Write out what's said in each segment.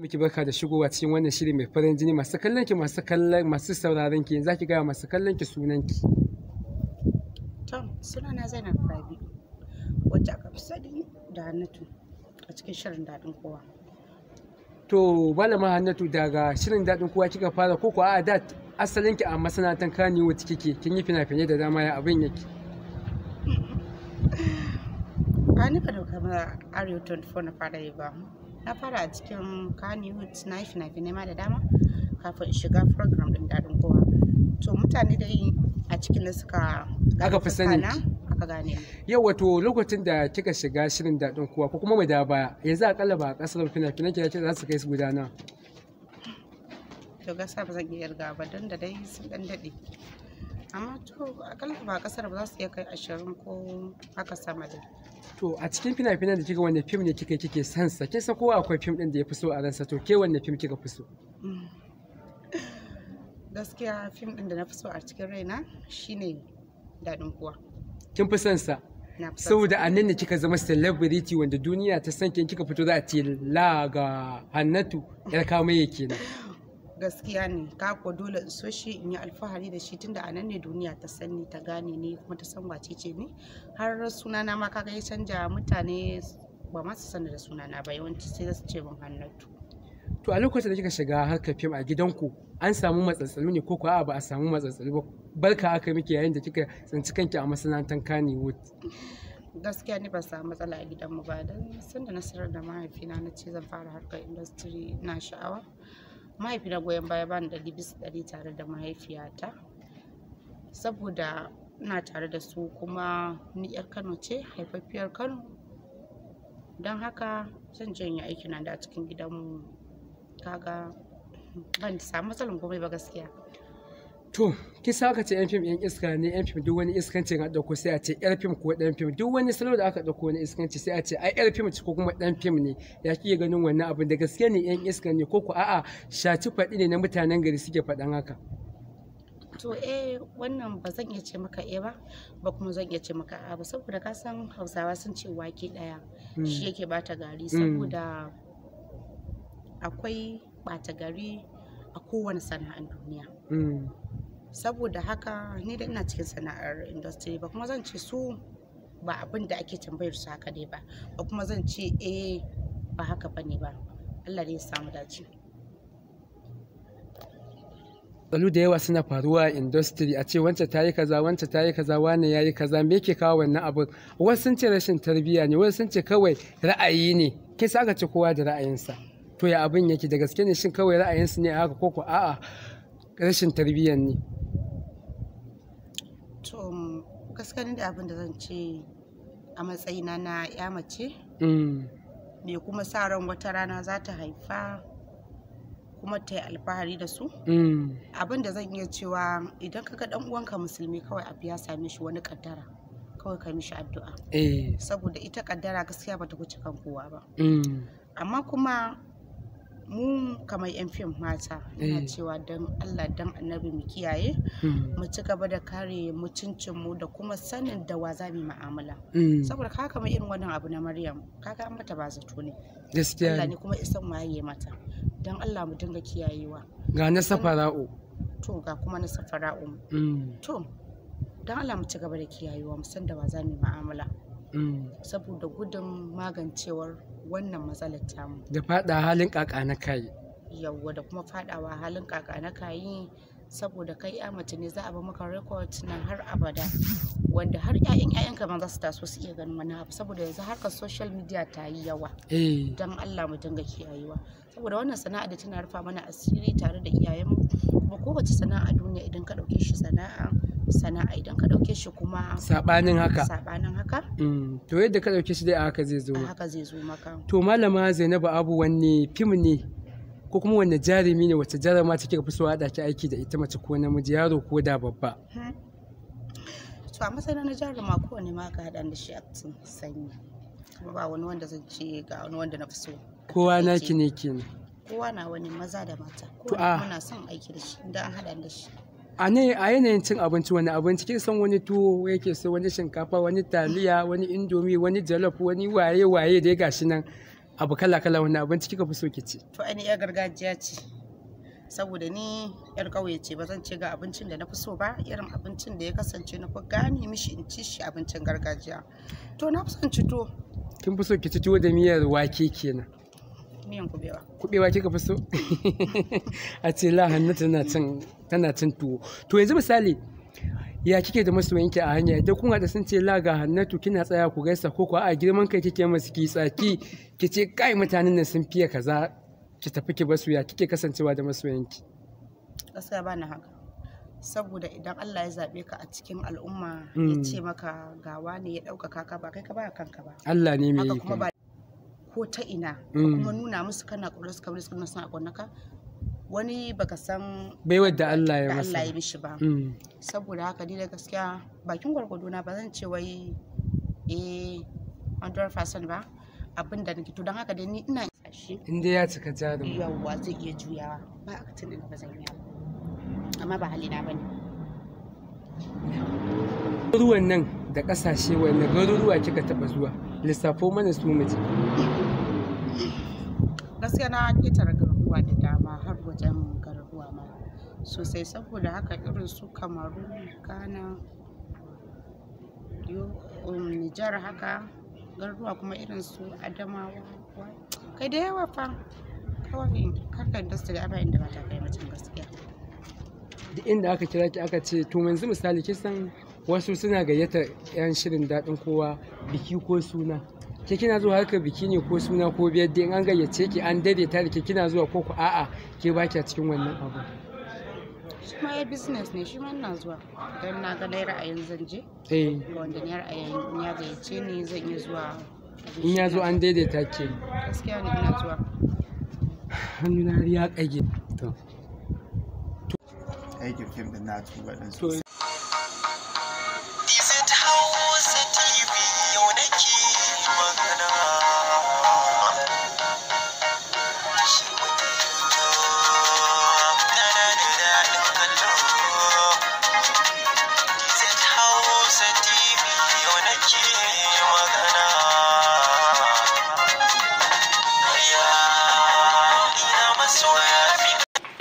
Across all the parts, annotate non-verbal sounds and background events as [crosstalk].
miki barka da shigowa cikin wannan shiri mai farin jini masu kallon ki masu kallon masu sauraron ki zaki ga masu kallon ki sunan ki to sunana Zainab Rabi wacce aka fi sani da Hannatu a cikin shirin daɗin kowa To malama Hannatu daga shirin daɗin kowa kika fara ko kuwa a da asalin ki a masana'antar wuce kike kin yi fina-finai da dama ya abin yake [laughs] Ba ni da kamar Arewa 24 na fara yi ba na fara a cikin kanywood na yi fina-finai ma da dama kafin shiga program ɗin daɗin kowa to mutane dai a cikin da suka aka fi sani aka gane yau wato lokacin da kika shiga shirin daɗin kowa ko kuma mai da baya yanzu akalla ba a ƙasar fina-finan kina ce za su kai su gudana to gasa ba zan iya riga ba don da dai sun ɗan daɗe amma to akalla ba a ƙasar ba za su iya kai ashirin ko haka sama dai To a cikin fina-finan da kika wanne fim ne kika kike son sa kin san ko akwai fim din da ya fi so a ransa to ke wanne fim kika fi so? Mm. Gaskiya fim din da na fi so a cikin raina shine Dadin kuwa. Kin fi son sa? Saboda a nan ne kika zama celebrity wanda duniya ta san kin kika fito za a ce la ga Hannatu yar kamaye kenan. [laughs] gaskiya ne kako dole in so shi in yi alfahari da shi tunda a nan ne duniya ta sani ta gane ni kuma ta san wace ce ni har sunana ma kaga ya canja mutane ba ma su sani da sunana ba yawanci sai su ce min hannatu to a lokacin da kika shiga harkar fim a gidanku an samu matsatsalu ne ko a ba a samu matsatsalu ba barka aka miki yayin da kika tsinci kanki a masana'antar kanewood gaskiya ne ba samu matsala a gidanmu ba don sanda na sanar da mahaifina na ce zan fara harkar industry na sha'awa Mahaifi na goyon baya bani ɗari bisa ɗari tare da mahaifiyata saboda ina tare da su kuma ni 'yar kano ce haifaffiyar kano don haka zan janye aiki na da a cikin gidanmu kaga ban samu matsalar komai ba gaskiya to kisa aka ce yan fim yan iska ne yan fim duk wani iskanci ga dauko sai a ce yar fim ko dan fim duk wani salo da aka dauko wani iskanci sai a ce ai yar fim ko kuma dan fim ne ya ki ganin wannan abin da gaske ne yan iska ne ko ko a'a shaci faɗi ne na mutanen gari suke fadan haka to eh wannan ba zan iya ce maka eh ba ba kuma zan iya ce maka a ba saboda ka san hausawa sun ce wake daya hmm. shi yake bata gari hmm. saboda akwai bata gari a kowane sana'an duniya hmm. saboda haka ni da ina cikin sana'ar industry ba kuma zan ce su ba abin da ake tambayar su haka dai ba ba kuma zan ce eh ba haka ba ne ba Allah ne ya samu dace matsalu da yawa suna faruwa a industry a ce wancan ta yi kaza wancan ta yi kaza wane ya yi kaza me ke kawo wannan abu wasu sun ce rashin tarbiyya ne wasu sun ce kawai ra'ayi ne ke sa aka ce kowa da ra'ayinsa to ya abin yake da gaske ne shin kawai ra'ayinsu ne haka ko a'a rashin tarbiyyan ne to mm, gaskiya da abin da zan ce a matsayina na ya mace mm. me kuma sa ran wata rana za ta haifa kuma ta yi alfahari da su mm. abin da zan iya cewa idan ka ga uwanka musulmi kawai abu ya same shi wani kaddara kawai ka mishi addu'a eh. saboda ita kaddara gaskiya bata wuce kan kowa ba amma kuma mu kamar yan fim mata ina eh. cewa don allah don annabi mu kiyaye hmm. mu ci gaba da kare mu da kuma sanin da wa za mu ma'amala hmm. saboda ka kamar irin wannan abu na maryam ka an mata ba zato ne gaskiya allah ne kuma isan yi mata don allah mu dinga kiyayewa ga na safara'u to ga kuma na safara'u hmm. to don allah mu ci gaba da kiyayewa mu san da wa za mu ma'amala saboda gudun magancewar wannan matsalar tamu da fada halin kaka na kayi yawwa da kuma faɗawa halin kaka na kayi saboda kai ya mace ne za a ba maka record nan har abada wanda har 'ya'yan ka ma za su taso su iya ganin wani abu saboda yanzu harkar social media ta yi yawa eh. don Allah mu dinga kiyayewa saboda wannan sana'a da tana rufa mana asiri tare da iyayenmu kuma kowace sana'a duniya idan ka ɗauke shi sana'a sana'a idan ka ɗauke shi kuma saɓanin haka saɓanin haka mm. to yadda ka ɗauke shi dai a haka zai zo haka zai zo maka to malama Zainabu Abu wanne fim ne ko kuma wanne jarumi ne wacce jarama kika fi so haɗa ki aiki da ita mace ko namiji yaro ko da babba hmm. to a masana na jaruma kowane ma ka haɗa da shi a cikin sanyi ba wani wanda zan ce ga wani wanda na fi so kowa naki ne ki ne. kowa na wani maza da mata Ko kowa muna son aiki da shi idan an haɗa da shi a ne a yanayin cin abinci wani abinci kin san wani tuwo yake so wani shinkafa wani taliya wani indomi wani jalof wani waye waye da ya gashi nan abu kala kala wani abinci kika fi so ki ci to ani yar gargajiya ce saboda ni yar ƙauye ce ba zan ce ga abincin da na fi so ba irin abincin da ya kasance na fi gane mishi in ci shi abincin gargajiya to na fi son ci to kin fi so ki ci tuwo da miyar wake kenan miyan kubewa kubewa kika fi so [laughs] a ce la hannu tana cin tuwo to yanzu misali ya kike da masoyinki a hanya idan kun da sun ce laga hannatu kina tsaya ku gaisa ko kuwa a girman kai kike masu ki tsaki ki ce kai mutanen nan sun fiye kaza ki tafi ki basu ya kike kasancewa da masoyinki gaskiya ba na haka saboda idan Allah ya zaɓe ka a cikin al'umma ya hmm. ce maka gawa ne ya ɗaukaka ka ba kai ka ba kanka ba Allah ne mai yi ko ta ina hmm. kuma nuna musu kana ƙaunar su kamar su suna ƙaunar ka wani baka san bai da Allah ya masa Allah ya mishi ba mm. saboda haka ni da gaskiya bakin gwargwado na ba zan ce wai eh 100% ba abin da nake to don haka dai ni ina shi in dai ya cika jarin yawwa zai iya juyawa ba a katin da ba zan yi amma ba halina bane ruwan nan da kasashe na garuruwa kika taba zuwa lissafo mana su ji. gaskiya na ketare taraga. abubuwa da dama har wajen garuruwa ma sosai saboda haka irin su kamaru ghana um, nijar haka garuruwa kuma irin su adamawa kai da yawa fa kawai karkar da su da inda ba ta kai mutum gaskiya duk inda aka kira ki aka ce to yanzu misali kisan wasu suna gayyata 'yan shirin daɗin kowa biki ko suna ke kina zuwa harkar biki ne ko suna ko biyar da an gayyace ki an dade ta da ke kina zuwa ko ku a'a ke ba ki a cikin wannan abu shi ma business ne shi ma ina zuwa don na ga naira a zan je eh wanda ne in ya gayyace ni zan iya zuwa in ya zo an daidaita ke gaskiya ne ina zuwa hannu na riya kage to aikin fim da na tuba din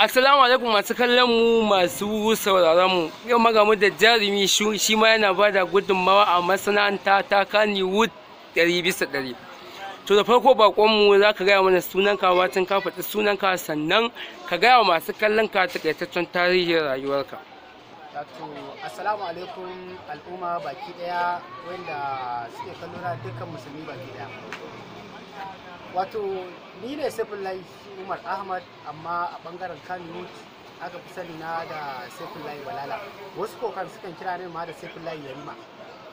Assalamu alaikum masu kallon mu masu sauraron mu. Yau magamu da jarumi shi ma yana ba da gudunmawa a masana'anta ta kani wood ɗari bisa ɗari. To da farko bakon mu za ka gaya mana sunan ka watan ka faɗi sunan ka sannan ka gaya wa masu kallon ka takaitaccen tarihin rayuwarka. Wato assalamu alaikum al'umma baki ɗaya wanda suke kallon dukkan musulmi baki ɗaya. wato ni ne sefullahi umar ahmad amma a bangaren kano aka fi sani na da sefullahi walala wasu kokan sukan kira ne ma da sefullahi yarima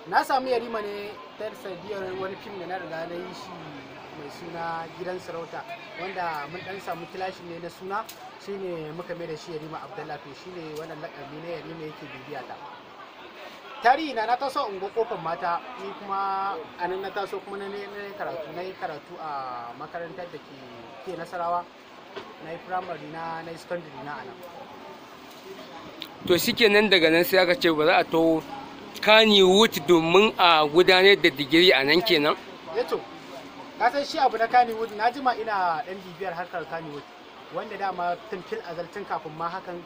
na samu yarima ne ta sadiyar wani fim da na riga na yi shi mai suna gidan sarauta wanda mun dan samu kilashin ne na suna shine muka mai da shi yarima abdullahi to shine wannan lakabi ne yarima yake bibiya ta tari na na taso in kofar mata ni kuma a nan na taso kuma na yi karatu na karatu a makarantar da ke ke nasarawa na yi firamare na na secondary na anan to shike nan daga nan sai aka ce ba za a to kani wuce domin a gudanar da digiri a nan kenan yato eh ka san shi abu na kani wuce na jima ina dan bibiyar harkar kani wuce wanda dama tun fil azal kafin ma hakan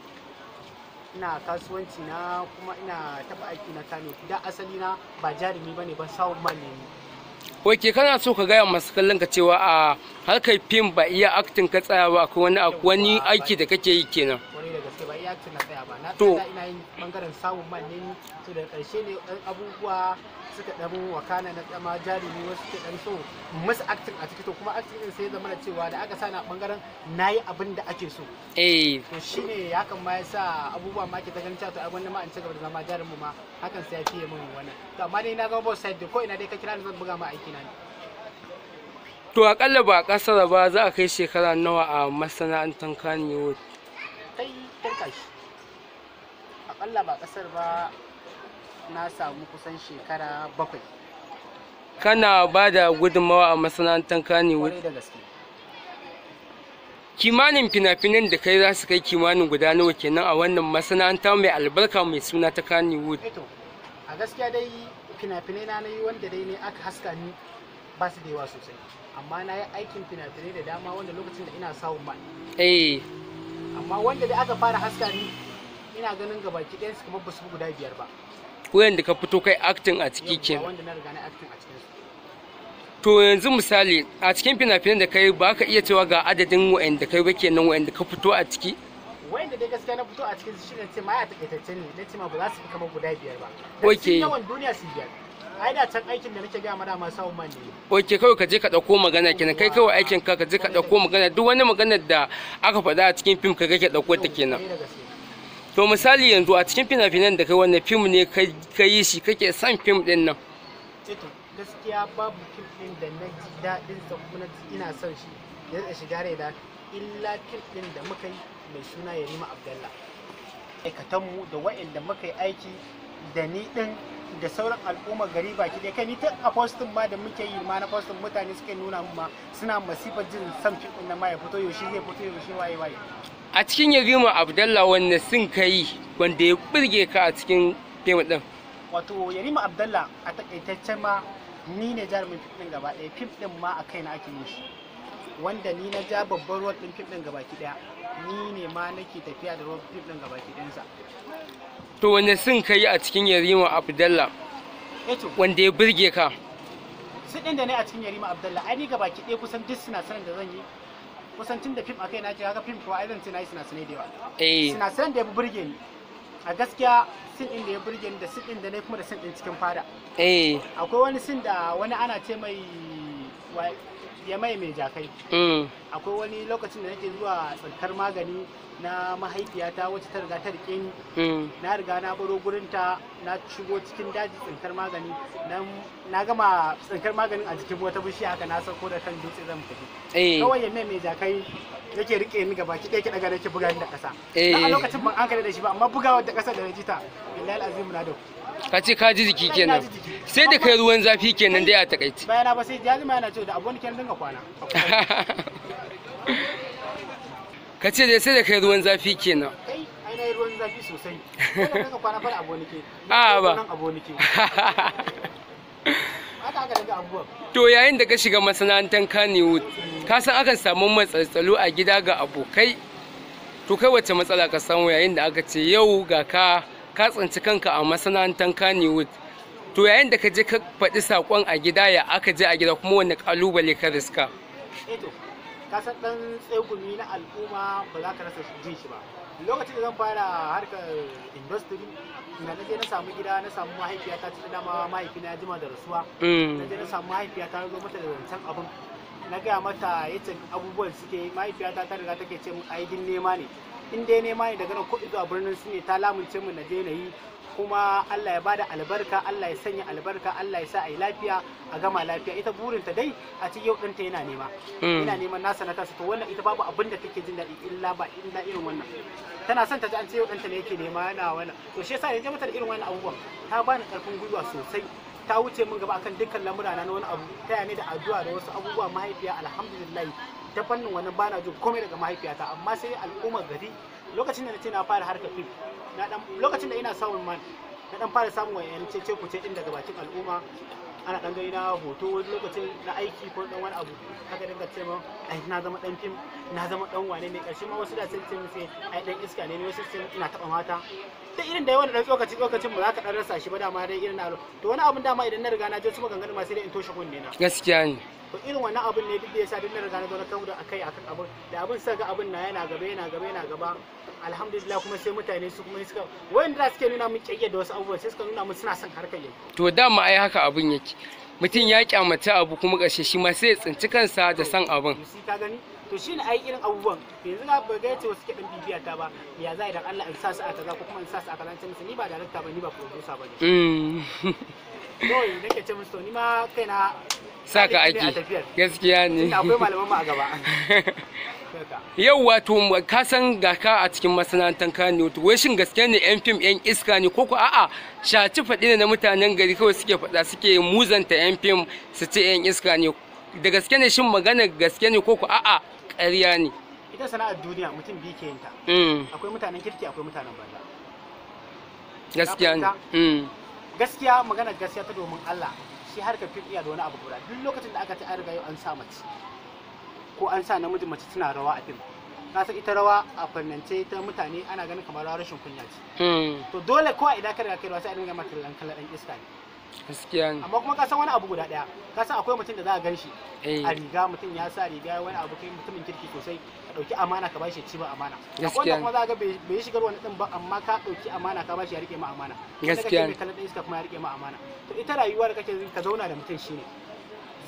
ina kasuwanci na kuma ina taba aiki na kano da asali na ba jarumi bane ba sawun man ne Oke kana so ka gaya masu kallon ka cewa a harkar fim ba iya aktin ka tsaya akwai wani aiki da kake yi kenan. acting tsaya na yin bangaren samun to da karshe ne abubuwa wakana na tsama jarumi wasu so a ciki to aka sa na bangaren nayi ake so eh to shine ya kan ma da zama jarumi na ga boss ko ina ka kira ni zan aiki na to akalla ba a kasar ba za a kai shekara nawa a masana'antar kaniwood girka shi akalla ba kasar ba na samu kusan shekara bakwai kana ba da gudunmawa a masana'antar kanewood da gaske kimanin fina-finan da kai za su kai kimanin guda nawa kenan a wannan masana'anta mai albarka mai suna ta kanewood eh a gaskiya dai fina-finai na yi wanda dai ne aka haska ni ba su da yawa sosai amma na yi aikin fina-finai da dama wanda lokacin da ina samun ba eh amma wanda da aka fara haska ni ina ganin gaba ki ɗayansu kuma ba su guda biyar ba ko yanda ka fito kai acting a ciki ke wanda na riga na acting a cikin to yanzu misali a cikin fina-finan da kai ba ka iya cewa ga adadin wayan da kai ba kenan wayan da ka fito a ciki wayan da dai gaskiya na fito a cikin shi ne ce ma ya takaitacce ne na ce ma ba za su fi kama guda biyar ba da cikin yawan duniya su biyar ai da can aikin da nake gaya ma ne oke kawai ka je ka dauko magana kenan kai kawai aikin ka ka je ka dauko magana duk wani magana da aka faɗa a cikin fim ka ke dauko ta kenan eh, to misali yanzu a cikin fina-finan da kai wannan fim ne ka yi shi kake son fim din nan eh, gaskiya babu fim din da na ji daɗin sa kuma ina son shi da zai shiga rai da illa fim din da muka yi mai suna yarima abdallah aikatanmu da wa'inda muka yi aiki da ni din da sauran al'ummar gari baki ɗaya kai ni ta a postin ma da muke yi ma na postin mutane suke nuna mu ma suna masifa jin san fim ɗin nan ma ya fito yaushe zai fito yaushe waye waye a cikin yarima abdalla wanne sun kai wanda ya burge ka a cikin fim ɗin wato yarima abdalla a takaitaccen ma ni ne jarumin fim ɗin gaba ɗaya fim ɗin ma a kaina ake yin shi wanda ni na ja babban ruwan ɗin fim ɗin gaba ɗaya ni ne ma nake tafiya da ruwan fim ɗin gabaki ɗinsa. to wanda sun ka yi a cikin yarima abdalla wanda ya birge ka sun ɗin da ne a cikin yarima abdalla ai ni ga baki ɗaya kusan duk sinasiran da zan yi kusan tun da fim akai na ce haka fim kuwa ai zan ce na yi sinasirai da yawa eh. sinasiran da ya birge ni a gaskiya sin ɗin da ya birge ni da sin ɗin da ne kuma da sin ɗin cikin fada eh. akwai wani sin da wani ana ce mai ya mai mai jakai mm. akwai wani lokacin da nake zuwa tsarkar magani na mahaifiyata wacce ta riga ta rike ni mm. na riga na baro gurinta na shigo cikin daji tsinkar magani na gama tsinkar magani a jikin wata bishiya haka na sauko da kan dutse zan fito eh. kawai ya mai mai jakai yake rike ni gaba ki ɗaya daga nake buga da ƙasa eh. a lokacin ban an da shi ba amma bugawa da ƙasa da na ji ta billahi azim na da ka ce ka ji jiki kenan sai da kai ruwan zafi kenan dai a takaici bayana ba sai jazima yana cewa da abuwan kenan dinga kwana [laughs] ka ce dai sai da kai ruwan zafi kenan ai ruwan zafi sosai kwana fara a [laughs] ah, ba [laughs] To yayin da ka shiga masana'antar Kannywood, ka san akan samu matsaltsalo a gida ga abokai. To kai wacce matsala ka samu yayin da aka ce yau ga ka ka tsinci kanka a masana'antar Kannywood to yayin da ka je ka faɗi saƙon a gida ya aka je a gida kuma wani ƙalubale ka riska eto eh ka san tsegumi na al'umma ba za ka rasa jin shi ba lokacin da zan fara harkar industry na je na samu gida na samu mahaifiyata ta dama mahaifina ya jima da rasuwa mm. na je na samu mahaifiyata na zo mata da zancen abin na gaya mata yace abubuwan suke mahaifiyata ta riga take ce mun aidin nema ne in dai nema ne daga nan ko zuwa birnin su ne ta lamunce mu na je na yi kuma Allah ya bada albarka Allah ya sanya albarka Allah ya sa a yi lafiya a gama lafiya ita burinta dai a cikin yau ɗinta yana nema hmm. Ina neman nasa na kansa to wannan ita babu abin da take jin daɗi illa ba illa irin wannan tana son ta ji an ce yau ɗinta ne yake nema yana wannan to shi yasa yanzu mata da irin wannan abubuwan ta bani ƙarfin gwiwa sosai ta wuce min gaba akan dukkan lamura na wani abu ta yane da addu'a da wasu abubuwa mahaifiya alhamdulillah ta fannin wannan bana jin komai daga mahaifiyata amma sai al'ummar gari lokacin da nace na fara harka fim na dan lokacin da ina samun man na dan fara samun wayan cece ce din daga bakin al'umma ana dan gaina na hoto wani lokacin na aiki ko dan wani abu haka dinga ce min ai na zama dan fim na zama dan wane ne karshe ma wasu da sun ce sai ai dan iska ne wasu sun ina taba mata da irin da yawan dan tsokaci tsokacin mu zaka dan rasa shi ba dama dai irin na to wani abun dama idan na riga na je su maganganun ma sai dai in toshe kunne na gaskiya ne to irin wannan abin ne duk da yasa duk na riga na zo na kawo da akai akan abin da abin sa ga abin na yana gaba yana gaba yana gaba alhamdulillah kuma sai mutane su kuma suka da suke nuna mun kiyayya da wasu abubuwa sai suka nuna mun suna son harkar yau to dama ai haka abin yake mutum ya kyamata abu kuma ƙarshe shi ma sai ya tsinci kansa da san abin ka gani to shine ai irin abubuwan yanzu na ba ga yace suke dan bibiya ta ba ya za idan Allah in sa su a kaza ko kuma in sa su a kaza musu ni ba director ba ni ba producer ba ne mm. [laughs] kawai nake ce musu ni ma kaina sa ka aiki gaskiya ne akwai malaman ma a gaba [laughs] yau wato ka san ga ka a cikin masana'antar ka ne wato wai shin gaskiya ne yan fim yan iska ne ko ko a'a shaci faɗi ne na mutanen gari kawai suke faɗa suke muzanta yan fim su ce yan iska ne da gaske ne shin magana gaske ne ko ko a'a ƙarya ne ita sana'ar duniya mutum ke mm. akwai mutanen kirki akwai mutanen banza gaskiya ne gaskiya magana gaskiya ta domin Allah shi harkar fim iya da wani abu guda duk lokacin da aka ta an riga yau an sa mace ko an sa namiji mace tana rawa a fim ka san ita rawa a fannance ta mutane ana ganin kamar rawa rashin kunya ce hmm. to dole kowa idan ka riga kai rawa sai a dinga maka kallon kallon dan iska ne gaskiya amma kuma ka san wani abu guda daya ka san akwai mutum da za a gan shi eh. a riga mutum ya sa riga wani abu kai mutumin kirki sosai dauki amana ka bashi ci ba amana akwai wanda kuma za ga bai shigar wani din ba amma ka dauki amana ka bashi ya rike ma amana gaskiya ne kallon iska kuma ya rike ma amana to ita rayuwa da kake ka zauna da mutum shine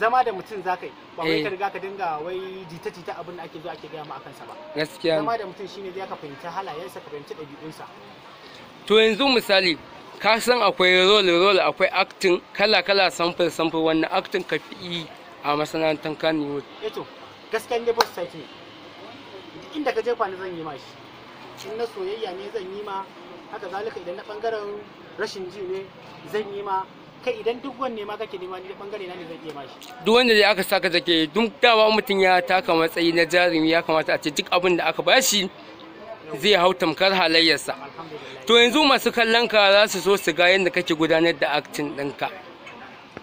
zama da mutum za ka yi ba wai ka eh. riga ka dinga wai jita-jita abin da ake zo ake gaya ma akan sa ba gaskiya zama da mutum shine zai ka fahimci halayensa ka fahimci ɗabi'unsa to yanzu misali ka san akwai role role akwai acting kala kala sample sample wannan acting ka fi a masana'antar kanewood eto eh gaskiya ne boss site ne inda ka jefa ni zan yi ma shi in na soyayya ne zan yi ma haka zalika idan na bangaren rashin ji ne zan yi ma kai idan duk wanne ma kake nema ni da bangare na ne zan yi ma shi duk wanda dai aka saka zake duk dawa mutum ya taka matsayi na jarumi ya kamata a ce duk abin da aka bashi zai hau tamkar halayyarsa to yanzu masu kallon ka za su so su ga yadda kake gudanar da acting ɗinka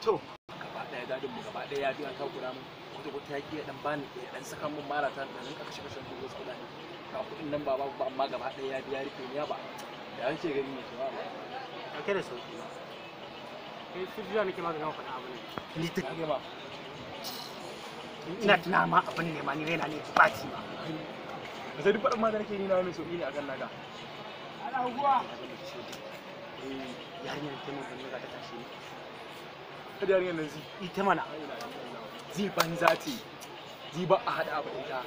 to gaba ɗaya gadin mu gaba ɗaya ya biya ta gura mu da wata yaki ya dan bani ya dan saka mun mara ta da rinka kashe kashe mun wasu kudade ka kudin nan ba ba ba amma gaba ɗaya ya biya rike ba da yake gani ne to ba ka kare sauki kai su biya nake maganin faɗa ni ba ina tuna ma abin ne ma ni raina ne ba ci ba ba zai duk faɗin ma da nake ni na mai ne a kan naga ana eh, yarinyar ta mun ga ta tashi ne ta yarinyar nan ita mana Zai banza ce zai ba a haɗa abu ita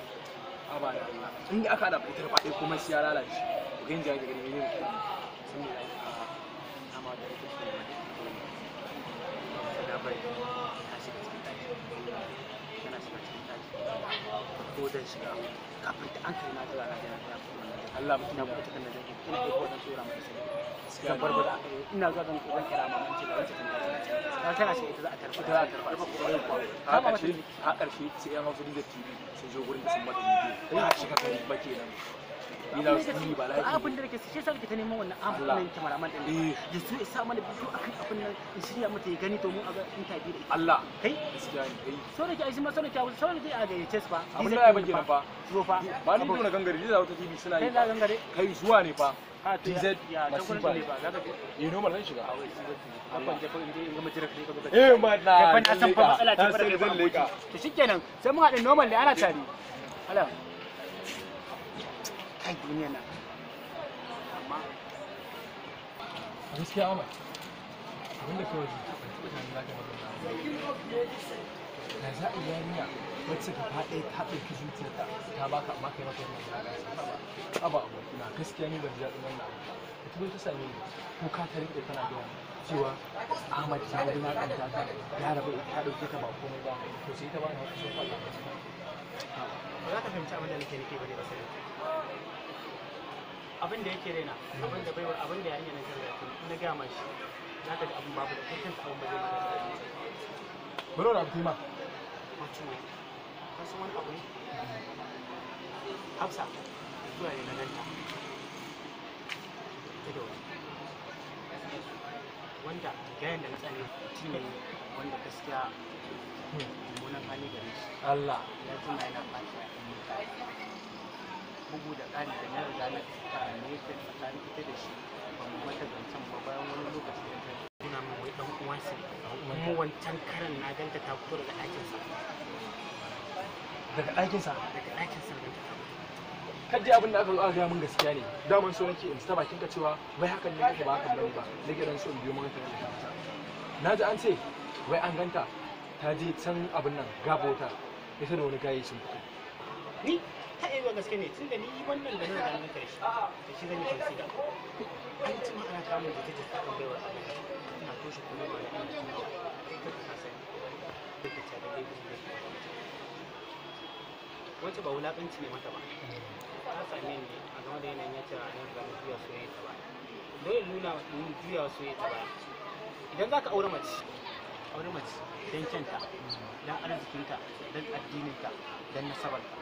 a ba da Allah in aka haɗa abu ita ba kuma sai ya lalace ku gani jage gani ne mutum sun ne ko zan shiga kafin ta an na tura na da na Allah mutum na buƙatar kan da zan ina da wannan tura mai sai zan bar aka yi ina zuwa zan kira da wancan ta ita za a tarfi ta za a tarfi sai ya mafi da TV sai je da sun bada bidiyo a shiga kai ba kenan ina su ba lafiya abin da nake shi sarki ta neman wannan ambulan cameraman din eh. ya mana bidiyo akan abin nan in shirya mata ya gani a ga interview da Allah kai gaskiya ne kai eh. so nake ai ma so nake so nake a gayyace su fa abin da ya bayyana nan fa zo fa ba ni dole gangare TV suna yi kai zuwa ne fa TZ eh, shiga eh ma na ya san fa matsala ce ba sai mun haɗa normal ana tare Allah akan duniya nan amma gaskiya amma abinda kawai da za a yarinya wacce ka faɗe ta ɗauki zuciyarta ta baka amma kai maka wannan zaga aba abokina gaskiya ni ban ji daɗin wannan abu ta ta same ni ko ka ta riƙe tana gaya cewa Ahmad ta wani na ɗan taka ya rabu ta ɗauke ta ba komai ba to sai ta bani wata sun ba za ka fahimci abin da nake nufi ba ne ba sai abin da yake raina abin da baiwa abin da yarinya na jin daɗi na gama shi na ka ga abin babu da kai kanka abin ba zai mata daɗi bro da abtima wato ka san wani abu ne hafsa zuwa ne na nan ta da wanda gayan da na tsane shi ne wanda gaskiya mummunan hali gare shi Allah ya tuna yana fata bugu da ƙari da na riga na kame ta tsakanin ita da shi ba mu mata zancen ba bayan wani lokaci da ta nuna min wai ɗan uwansa mu wancan karan na ganta ta fito daga ɗakinsa daga sa daga ɗakinsa da ta kaji abin da aka zo aka gaya min gaskiya ne daman so nake in ta bakin ka cewa wai hakan ne kake ba hakan bane ba nake dan so in biyo maka ta na ji an ce wai an ganta ta je can abin nan gabota ita da wani gaye sun fito ni ta yi gaske ne tunda ni wannan da nan da nan karshe da shi zan yi kansi da an ci ma ana kamun da take tsakan baiwa abu ina toshe kuma ba da ina kuma ta ka sai da ta da dai da wace ba wulakanci ne mata ba ta same ni a game da yanayin yace a nan ga juya soyayya ta ba dole nuna mun juya soyayya ta ba idan za ka aure mace aure mace don kyanta don arzikinta don addininta don nasabarta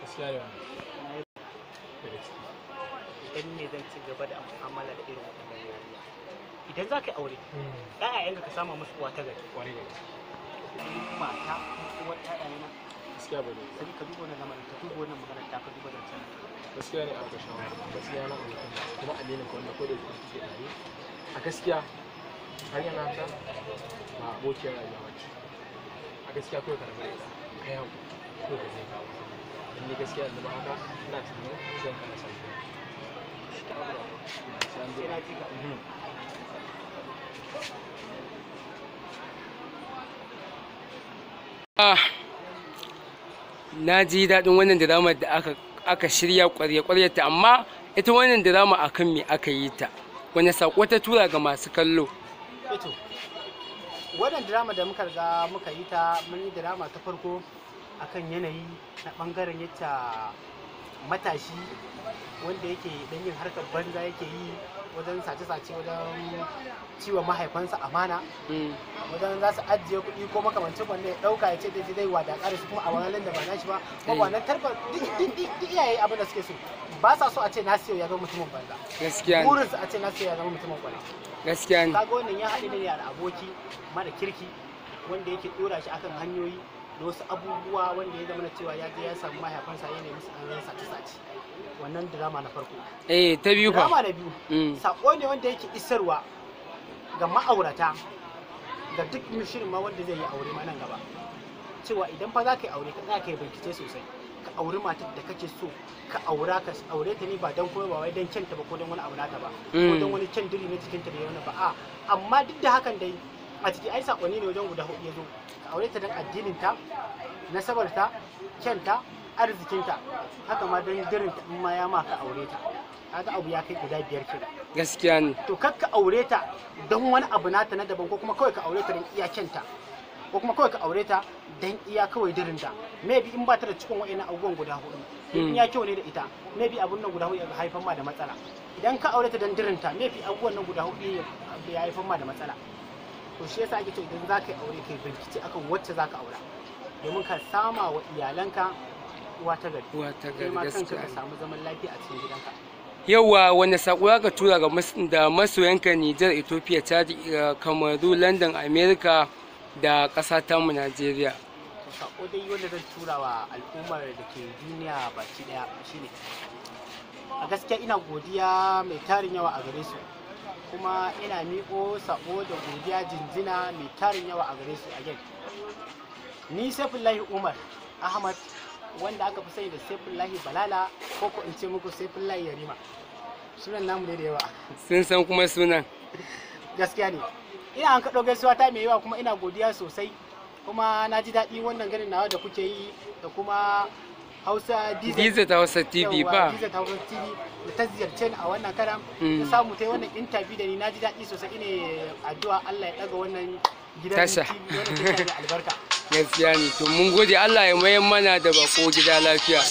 gaskiya da wani idan ne zan ci gaba da mu'amala da irin waɗannan yariya idan za ka yi aure ɗayayen hmm. ka sama musu uwa ta gari kwarai da gaske mata uwar ɗayayen nan gaskiya ba ne sai ka duba wannan lamarin ka duba wannan maganar ta ka duba da can gaskiya ne a ka shawara gaskiya na abokan kuma addinin ka wanda ko da yake kike tare a gaskiya har yana ta ba abokiyar rayuwa ce a gaskiya kawai ka rabu da ita kai hakuri Ah, na ji daɗin wannan drama da aka shirya ƙwarya ta amma ita wannan dirama akan me aka yi ta wani saƙo ta tura ga masu kallo eh wannan dirama da muka riga muka yi ta mun yi dirama ta farko akan yanayi na bangaren yadda matashi wanda yake dan yin harkar banza yake yi wajen sace-sace wajen ciwa mahaifansa amana mm. wajen za su ajiye kuɗi ko makamancin wanda ya ɗauka ya ce da zai wadaƙa da ƙarfi kuma a wani da ba na shi ba ko ba mm. nan tarbar duk iyaye abin da suke so ba sa so a ce na siyo ya zama mutumin banza gaskiya burin su a ce na siyo ya zama mutumin banza gaskiya ne kaga wannan ya da ne da aboki mara kirki wanda yake ɗora shi akan hanyoyi da wasu abubuwa wanda ya zama cewa ya je ya samu mahaifansa ya nemi an sace sace wannan drama na farko eh ta biyu fa drama na biyu mm. sako ne wanda yake isarwa ga ma'aurata da duk mishirin ma wanda zai yi aure ma nan gaba cewa idan fa za ka yi aure za ka yi bincike sosai ka auri matar da kake so ka aura ka aure ta ne ba don kuma ba wai don kyanta ba ko don wani abu nata ba ko mm. don wani kyan duri na cikin ta da wani ba a amma duk da hakan dai a ciki ai sakonni ne wajen guda hudu ya zo ka aure ta dan addinin ta nasabar ta kyanta arzikinta haka ma dan dirin ta in ma ya ma ka aure ta kaga abu ya kai guda biyar kenan gaskiya ne to kar ka aure ta don wani abu nata na daban ko kuma kawai ka aure ta dan iya kyanta ko kuma kawai ka aure ta dan iya kawai dirin ta maybe in ba ta da cikin wa'annan abubuwan guda hudu in hmm. ya kyau ne da ita maybe abun nan guda hudu ya haifar ma da matsala idan ka aure ta dan dirin ta maybe abubuwan nan guda hudu ya haifar ma da matsala to shi yasa ake ce idan za ka yi aure kai a akan wacce za ka aura domin ka sama wa iyalanka uwa ta gari uwa ta gari kanka ka samu zaman lafiya a cikin gidanka yauwa wanda sako za ka tura ga da masoyanka Nijar, Ethiopia, Chad, eh, Kamaru, London, America da ƙasa ta mu Najeriya. Sako dai wanda zan tura wa al'ummar da ke duniya baki daya shine. A gaskiya ina godiya mai tarin yawa a gare su kuma ina miƙo sako da godiya jinjina mai tarin yawa a gare su a gen ni saifullahi umar ahmad wanda aka fi sani da saifullahi balala ko ko in ce muku saifullahi yarima sunan namu ne da yawa sun san kuma sunan gaskiya ne ina an kaɗo gaisuwa ta mai yawa kuma ina godiya sosai kuma na ji daɗi wannan ganin nawa da kuke yi da kuma hausa dizet hausa tv ba hausa tv ta ziyarce ni a wannan karan mm. ta samu ta yi wannan interview da ni na ji daɗi sosai ina addu'a allah ya ɗaga wannan gidan tv wannan da albarka [laughs] gaskiya ne to mun gode allah ya mayar mana da bako gida lafiya